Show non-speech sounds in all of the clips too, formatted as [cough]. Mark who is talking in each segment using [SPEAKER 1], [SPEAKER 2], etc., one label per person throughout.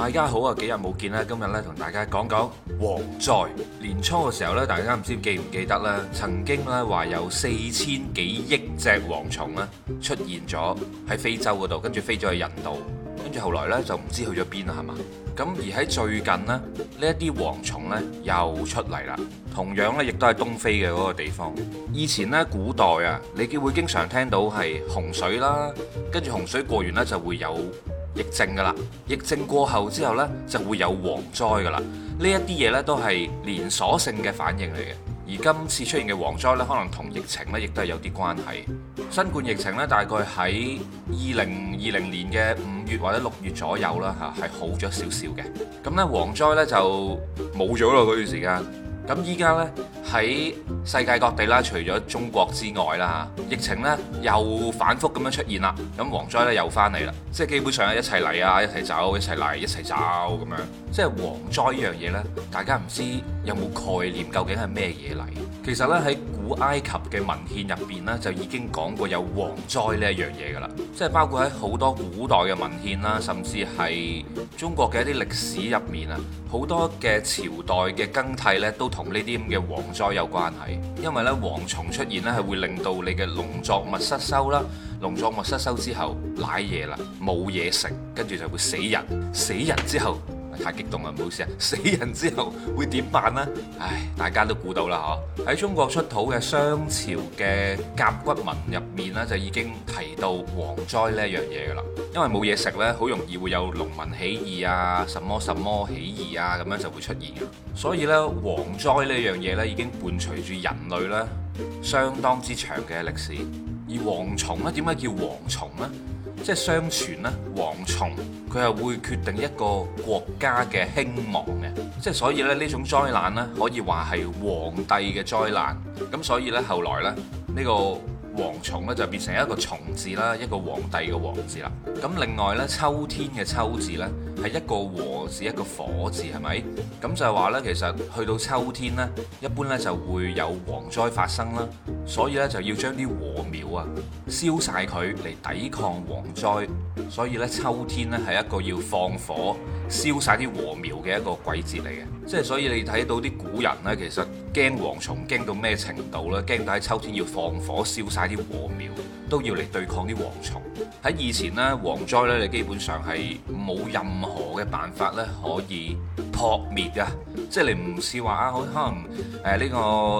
[SPEAKER 1] 大家好啊！幾日冇見啦？今日咧同大家講講蝗災。年初嘅時候咧，大家唔知記唔記得呢？曾經呢，話有四千幾億隻蝗蟲咧出現咗喺非洲嗰度，跟住飛咗去印度，跟住後來呢，就唔知去咗邊啦，係嘛？咁而喺最近呢，呢一啲蝗蟲呢又出嚟啦。同樣呢，亦都係東非嘅嗰個地方。以前呢，古代啊，你見會經常聽到係洪水啦，跟住洪水過完呢，就會有。疫症噶啦，疫症過後之後呢，就會有蝗災噶啦。呢一啲嘢呢，都係連鎖性嘅反應嚟嘅。而今次出現嘅蝗災呢，可能同疫情呢，亦都係有啲關係。新冠疫情呢，大概喺二零二零年嘅五月或者六月左右啦，吓係好咗少少嘅。咁呢，蝗災呢，就冇咗咯，嗰段時間。咁依家呢，喺世界各地啦，除咗中國之外啦，疫情呢又反覆咁樣出現啦，咁蝗災呢又翻嚟啦，即係基本上一齊嚟啊，一齊走，一齊嚟，一齊走咁樣，即係蝗災呢樣嘢呢，大家唔知，有冇概念究竟係咩嘢嚟？其實呢喺古埃及嘅文獻入邊呢，就已經講過有蝗災呢一樣嘢噶啦，即係包括喺好多古代嘅文獻啦，甚至係中國嘅一啲歷史入面啊，好多嘅朝代嘅更替呢，都同呢啲咁嘅蝗災有關係。因為呢蝗蟲出現呢係會令到你嘅農作物失收啦，農作物失收之後，瀨嘢啦，冇嘢食，跟住就會死人，死人之後。太激動啦！唔好意思，死人之後會點辦呢？唉，大家都估到啦，嗬！喺中國出土嘅商朝嘅甲骨文入面呢，就已經提到蝗災呢一樣嘢噶啦。因為冇嘢食呢，好容易會有農民起義啊，什麼什麼起義啊，咁樣就會出現嘅。所以呢，蝗災呢一樣嘢呢，已經伴隨住人類呢相當之長嘅歷史。而蝗蟲呢，點解叫蝗蟲呢？即係相傳咧，蝗蟲佢係會決定一個國家嘅興亡嘅，即係所以咧，呢種災難呢，可以話係皇帝嘅災難，咁所以呢，後來呢，呢個蝗蟲呢，就變成一個蟲字啦，一個皇帝嘅皇字啦，咁另外呢，秋天嘅秋字呢。係一個禾字，一個火字，係咪？咁就係話呢，其實去到秋天呢，一般呢就會有蝗災發生啦，所以呢，就要將啲禾苗啊燒晒佢嚟抵抗蝗災，所以呢，秋天呢係一個要放火燒晒啲禾苗嘅一個季節嚟嘅，即係所以你睇到啲古人呢，其實驚蝗蟲驚到咩程度呢？驚到喺秋天要放火燒晒啲禾苗，都要嚟對抗啲蝗蟲。喺以前呢，蝗災呢，你基本上係冇任何嘅辦法呢可以撲滅嘅，即係你唔係話啊，可能誒呢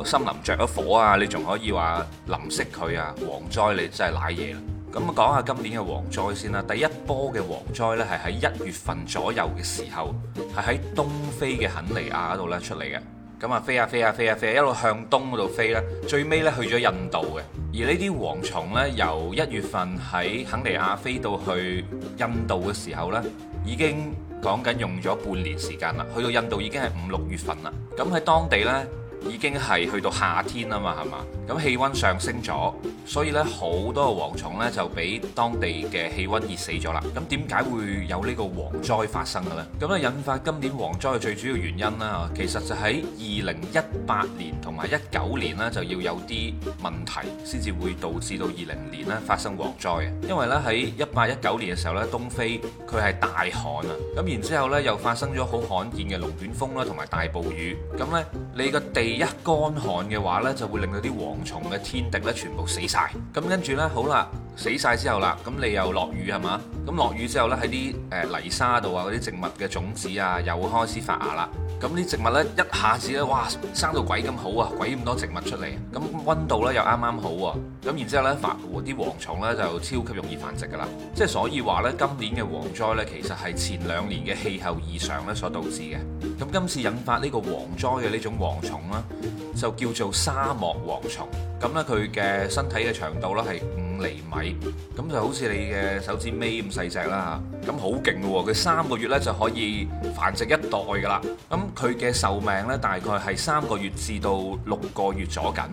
[SPEAKER 1] 個森林着咗火啊，你仲可以話淋熄佢啊，蝗災你真係瀨嘢啦。咁講下今年嘅蝗災先啦，第一波嘅蝗災呢，係喺一月份左右嘅時候，係喺東非嘅肯尼亞度呢出嚟嘅。咁啊，飛啊飛啊飛啊飛啊，一路向東嗰度飛啦。最尾咧去咗印度嘅。而呢啲蝗蟲呢，由一月份喺肯尼亞飛到去印度嘅時候呢，已經講緊用咗半年時間啦。去到印度已經係五六月份啦。咁喺當地呢，已經係去到夏天啦嘛，係嘛？咁氣温上升咗，所以呢，好多蝗蟲呢就俾當地嘅氣温熱死咗啦。咁點解會有呢個蝗災發生嘅呢？咁啊，引發今年蝗災嘅最主要原因啦，其實就喺二零一八年同埋一九年呢，就要有啲問題，先至會導致到二零年呢發生蝗災。因為呢，喺一八一九年嘅時候呢，東非佢係大旱啊，咁然之後呢，又發生咗好罕見嘅龍捲風啦，同埋大暴雨。咁呢，你個地一乾旱嘅話呢，就會令到啲蝗蟲嘅天敵呢全部死晒。咁跟住呢，好啦。死晒之後啦，咁你又落雨係嘛？咁落雨之後呢，喺啲誒泥沙度啊，嗰啲植物嘅種子啊，又會開始發芽啦。咁啲植物呢，一下子呢，哇，生到鬼咁好啊，鬼咁多植物出嚟啊！咁溫度呢又啱啱好喎。咁然之後呢，發喎，啲蝗蟲呢，就超級容易繁殖噶啦。即係所以話呢，今年嘅蝗災呢，其實係前兩年嘅氣候異常呢所導致嘅。咁今次引發呢個蝗災嘅呢種蝗蟲咧，就叫做沙漠蝗蟲。咁呢，佢嘅身體嘅長度呢，係。厘米，咁就好似你嘅手指尾咁細隻啦，咁好勁喎！佢三個月呢就可以繁殖一代噶啦，咁佢嘅壽命呢，大概係三個月至到六個月左近。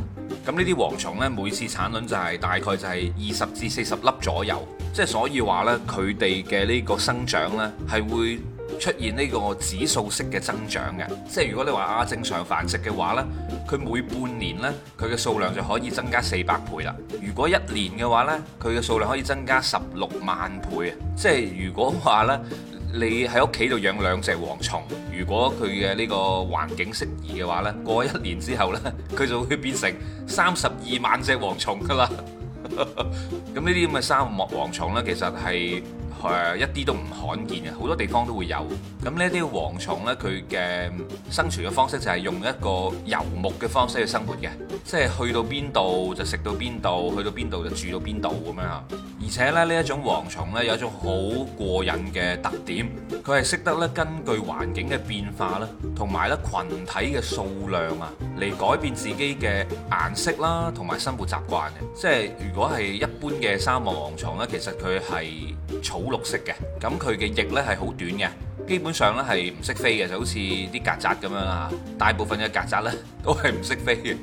[SPEAKER 1] 咁呢啲蝗蟲呢，每次產卵就係大概就係二十至四十粒左右，即係所以話呢，佢哋嘅呢個生長呢係會。出現呢個指數式嘅增長嘅，即係如果你話啊正常繁殖嘅話呢佢每半年呢，佢嘅數量就可以增加四百倍啦。如果一年嘅話呢，佢嘅數量可以增加十六萬倍啊！即係如果話呢，你喺屋企度養兩隻蝗蟲，如果佢嘅呢個環境適宜嘅話呢，過一年之後呢，佢就會變成 [laughs] 三十二萬隻蝗蟲噶啦。咁呢啲咁嘅沙漠蝗蟲呢，其實係。係一啲都唔罕見嘅，好多地方都會有。咁呢啲蝗蟲呢，佢嘅生存嘅方式就係用一個遊牧嘅方式去生活嘅，即係去到邊度就食到邊度，去到邊度就住到邊度咁樣。而且咧呢一種蝗蟲呢，有一種好過癮嘅特點，佢係識得咧根據環境嘅變化啦，同埋咧羣體嘅數量啊，嚟改變自己嘅顏色啦，同埋生活習慣嘅。即係如果係一般嘅沙漠蝗蟲呢，其實佢係草好綠色嘅，咁佢嘅翼呢係好短嘅，基本上呢係唔識飛嘅，就好似啲曱甴咁樣啦。大部分嘅曱甴呢，都係唔識飛嘅，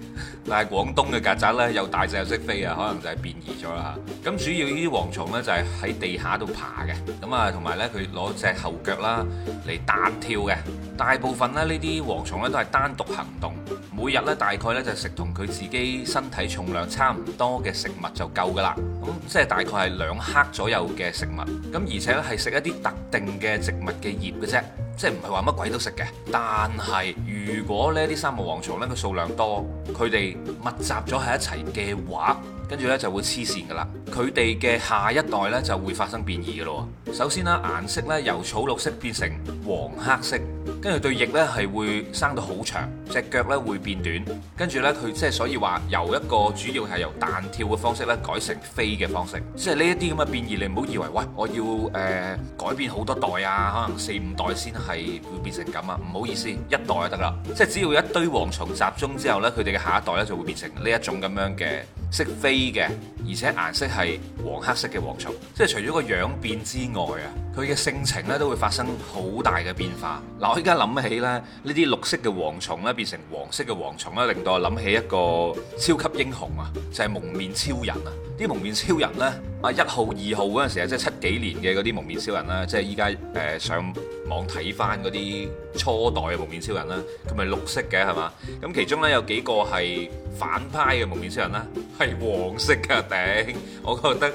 [SPEAKER 1] 但係廣東嘅曱甴呢又大隻又識飛啊，可能就係變異咗啦。咁主要呢啲蝗蟲呢就係喺地下度爬嘅，咁啊同埋呢佢攞隻後腳啦嚟彈跳嘅。大部分呢呢啲蝗蟲呢都係單獨行動，每日呢大概呢就食同佢自己身體重量差唔多嘅食物就夠噶啦。咁即係大概係兩克左右嘅食物，咁而且係食一啲特定嘅植物嘅葉嘅啫。即係唔係話乜鬼都食嘅，但係如果呢啲三個蝗蟲呢，個數量多，佢哋密集咗喺一齊嘅話。跟住呢，就會黐線噶啦，佢哋嘅下一代呢，就會發生變異噶咯。首先啦，顏色呢，由草綠色變成黃黑色，跟住對翼呢，係會生到好長，隻腳呢，會變短，跟住呢，佢即係所以話由一個主要係由彈跳嘅方式呢，改成飛嘅方式。即係呢一啲咁嘅變異，你唔好以為喂我要誒、呃、改變好多代啊，可能四五代先係會變成咁啊。唔好意思，一代就得啦。即係只要一堆蝗蟲集中之後呢，佢哋嘅下一代呢，就會變成呢一種咁樣嘅。識飛嘅，而且顏色係黃黑色嘅蝗蟲，即係除咗個樣變之外啊，佢嘅性情咧都會發生好大嘅變化。嗱，我依家諗起咧，呢啲綠色嘅蝗蟲咧變成黃色嘅蝗蟲咧，令到我諗起一個超級英雄啊，就係蒙面超人啊！啲蒙面超人呢。啊！一號、二號嗰陣時啊，即係七幾年嘅嗰啲蒙面超人啦，即係依家誒上網睇翻嗰啲初代嘅蒙面超人啦，佢咪綠色嘅係嘛？咁其中呢，有幾個係反派嘅蒙面超人啦，係黃色㗎。頂，我覺得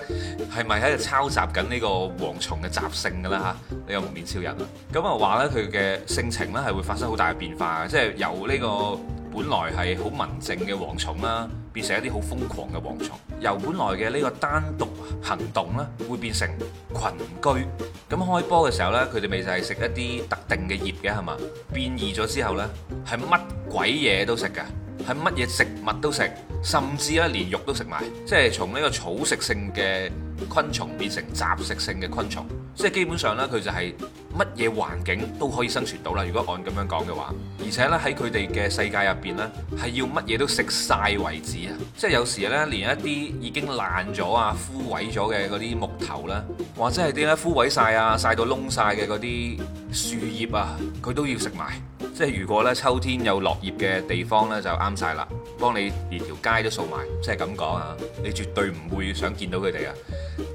[SPEAKER 1] 係咪喺度抄襲緊呢個蝗蟲嘅習性㗎啦？嚇，呢個蒙面超人啊，咁啊話呢，佢嘅性情呢，係會發生好大嘅變化。即係由呢個本來係好文靜嘅蝗蟲啦。變成一啲好瘋狂嘅蝗蟲，由本來嘅呢個單獨行動咧，會變成群居。咁開波嘅時候呢，佢哋咪就係食一啲特定嘅葉嘅係嘛？變異咗之後呢，係乜鬼嘢都食㗎，係乜嘢植物都食，甚至咧連肉都食埋，即係從呢個草食性嘅昆蟲變成雜食性嘅昆蟲，即係基本上呢，佢就係乜嘢環境都可以生存到啦。如果按咁樣講嘅話，而且呢，喺佢哋嘅世界入邊呢，係要乜嘢都食晒為止啊！即係有時呢，連一啲已經爛咗啊、枯萎咗嘅嗰啲木頭啦，或者係啲呢枯萎晒啊、晒到窿晒嘅嗰啲樹葉啊，佢都要食埋。即係如果呢秋天有落葉嘅地方呢，就啱晒啦。幫你連條街都掃埋，即係咁講啊！你絕對唔會想見到佢哋啊！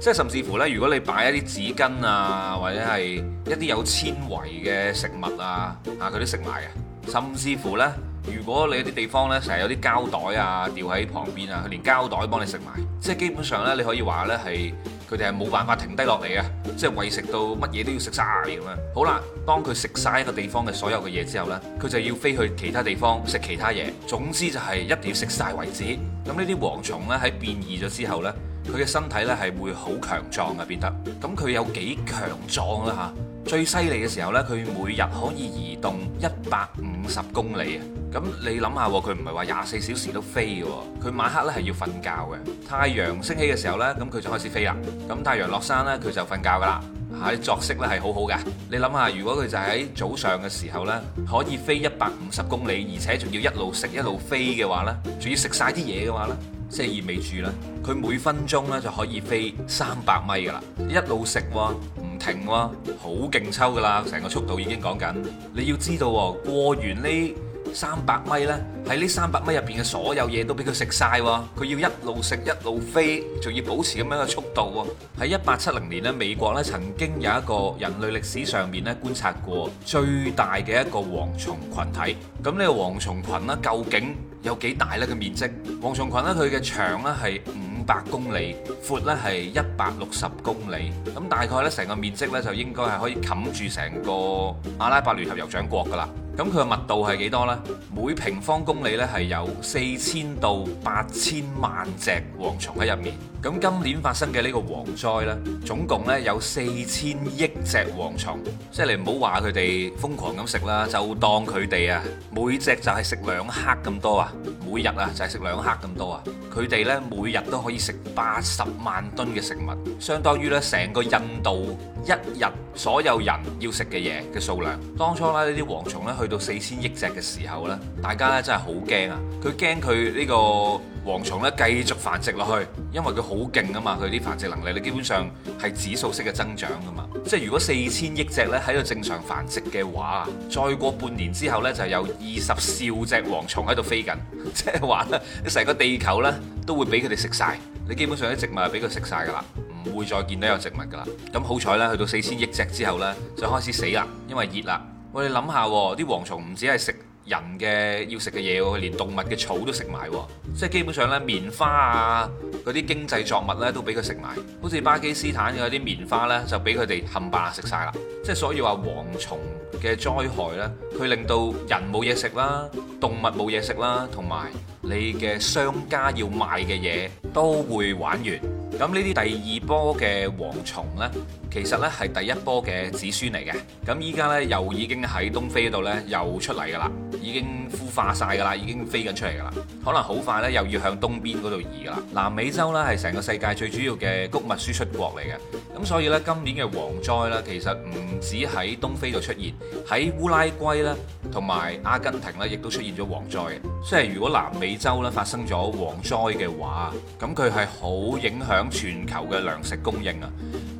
[SPEAKER 1] 即係甚至乎呢，如果你擺一啲紙巾啊，或者係一啲有纖維嘅食物啊，嚇、啊、佢都食埋啊！甚至乎呢，如果你啲地方呢，成日有啲膠袋啊，掉喺旁邊啊，佢連膠袋幫你食埋。即係基本上呢，你可以話呢係。佢哋係冇辦法停低落嚟啊！即係餵食到乜嘢都要食晒。咁啊！好啦，當佢食晒一個地方嘅所有嘅嘢之後呢，佢就要飛去其他地方食其他嘢。總之就係一定要食晒為止。咁呢啲蝗蟲呢，喺變異咗之後呢，佢嘅身體呢係會好強壯嘅變得。咁佢有幾強壯啦嚇？最犀利嘅時候呢，佢每日可以移動一百五十公里啊！咁你諗下，佢唔係話廿四小時都飛嘅，佢晚黑呢係要瞓覺嘅。太陽升起嘅時候呢，咁佢就開始飛啦。咁太陽落山呢，佢就瞓覺噶啦。喺作息呢係好好嘅。你諗下，如果佢就喺早上嘅時候呢，可以飛一百五十公里，而且仲要一路食一路飛嘅話呢，仲要食晒啲嘢嘅話呢，即係意味住呢，佢每分鐘呢就可以飛三百米噶啦，一路食喎。停，好勁抽噶啦！成個速度已經講緊。你要知道喎，過完呢三百米呢，喺呢三百米入邊嘅所有嘢都俾佢食晒喎。佢要一路食一路飛，仲要保持咁樣嘅速度喎。喺一八七零年呢，美國呢曾經有一個人類歷史上面呢觀察過最大嘅一個蝗蟲群體。咁、嗯、呢、呢個蝗蟲群呢，究竟有幾大呢？個面積？蝗蟲群呢，佢嘅長呢，係百公里，闊咧，係一百六十公里，咁大概呢成個面積呢，就應該係可以冚住成個阿拉伯聯合酋長國㗎喇。咁佢嘅密度係幾多呢？每平方公里呢，係有四千到八千萬隻蝗蟲喺入面。咁今年發生嘅呢個蝗災呢，總共呢，有四千億隻蝗蟲。即係你唔好話佢哋瘋狂咁食啦，就當佢哋啊，每隻就係食兩克咁多啊，每日啊就係食兩克咁多啊。佢哋呢，每日都可以食八十萬噸嘅食物，相當於呢，成個印度。一日所有人要食嘅嘢嘅數量，當初咧呢啲蝗蟲咧去到四千億隻嘅時候咧，大家咧真係好驚啊！佢驚佢呢個蝗蟲咧繼續繁殖落去，因為佢好勁啊嘛，佢啲繁殖能力你基本上係指數式嘅增長噶嘛。即係如果四千億隻咧喺度正常繁殖嘅話，再過半年之後呢，就有二十兆隻蝗蟲喺度飛緊，即係話呢，成個地球呢都會俾佢哋食晒。你基本上啲植物俾佢食晒㗎啦。唔會再見到有植物㗎啦。咁好彩呢，去到四千億隻之後呢，就開始死啦，因為熱啦。我哋諗下喎，啲蝗蟲唔止係食人嘅要食嘅嘢喎，連動物嘅草都食埋喎。即係基本上呢，棉花啊嗰啲經濟作物呢都俾佢食埋。好似巴基斯坦嗰啲棉花呢，就俾佢哋冚唪唥食晒啦。即係所以話蝗蟲嘅災害呢，佢令到人冇嘢食啦，動物冇嘢食啦，同埋你嘅商家要賣嘅嘢都會玩完。咁呢啲第二波嘅蝗蟲咧？其實咧係第一波嘅子孫嚟嘅，咁依家咧又已經喺東非度咧又出嚟噶啦，已經孵化晒噶啦，已經飛緊出嚟噶啦，可能好快咧又要向東邊嗰度移噶啦。南美洲咧係成個世界最主要嘅穀物輸出國嚟嘅，咁所以咧今年嘅蝗災咧其實唔止喺東非度出現，喺烏拉圭咧同埋阿根廷咧亦都出現咗蝗災嘅。即係如果南美洲咧發生咗蝗災嘅話，咁佢係好影響全球嘅糧食供應啊，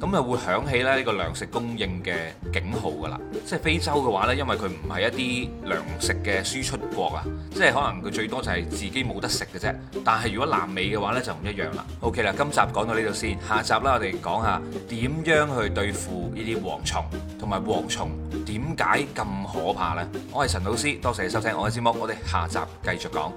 [SPEAKER 1] 咁啊會響起呢個糧食供應嘅警號噶啦，即係非洲嘅話呢，因為佢唔係一啲糧食嘅輸出國啊，即係可能佢最多就係自己冇得食嘅啫。但係如果南美嘅話呢就唔一樣啦。OK 啦，今集講到呢度先，下集啦我哋講下點樣去對付呢啲蝗蟲，同埋蝗蟲點解咁可怕呢？我係陳老師，多謝你收聽我嘅節目，我哋下集繼續講。